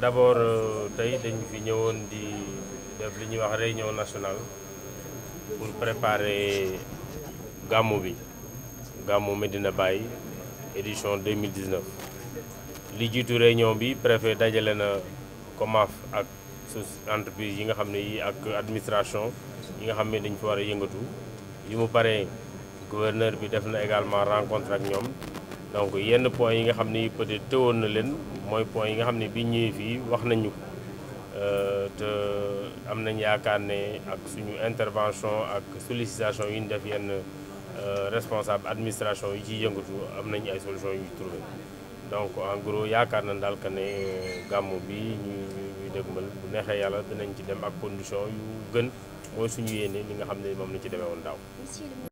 d'abord aujourd'hui, dañu fi venus di def li réunion nationale pour préparer gàmmu bi de Medina Baye édition 2019 de cette réunion bi préfet dajale na COMAF ak sus entreprises yi nga xam ne yi ak administration yi nga a gouverneur bi également rencontré ak donc yenn point yi nga xam ni peut-être woon na leen mooy point yi nga xam ne bi ñëwee fii wax nañu euh, te am nañ yaakaar ne ak suñu intervention ak sollicitation yi ñu def yenn euh, responsable administration yi ciy yëngatu am nañu ay solution yu trouvé donc en yaakaar nañ daal que ne euh, gàmmu bi ñu ñu dégmal bu neexee yàlla dinañ ci dem ak condition yu gën mooy suñu yéene li nga xam ne moom la ci demee woon daaw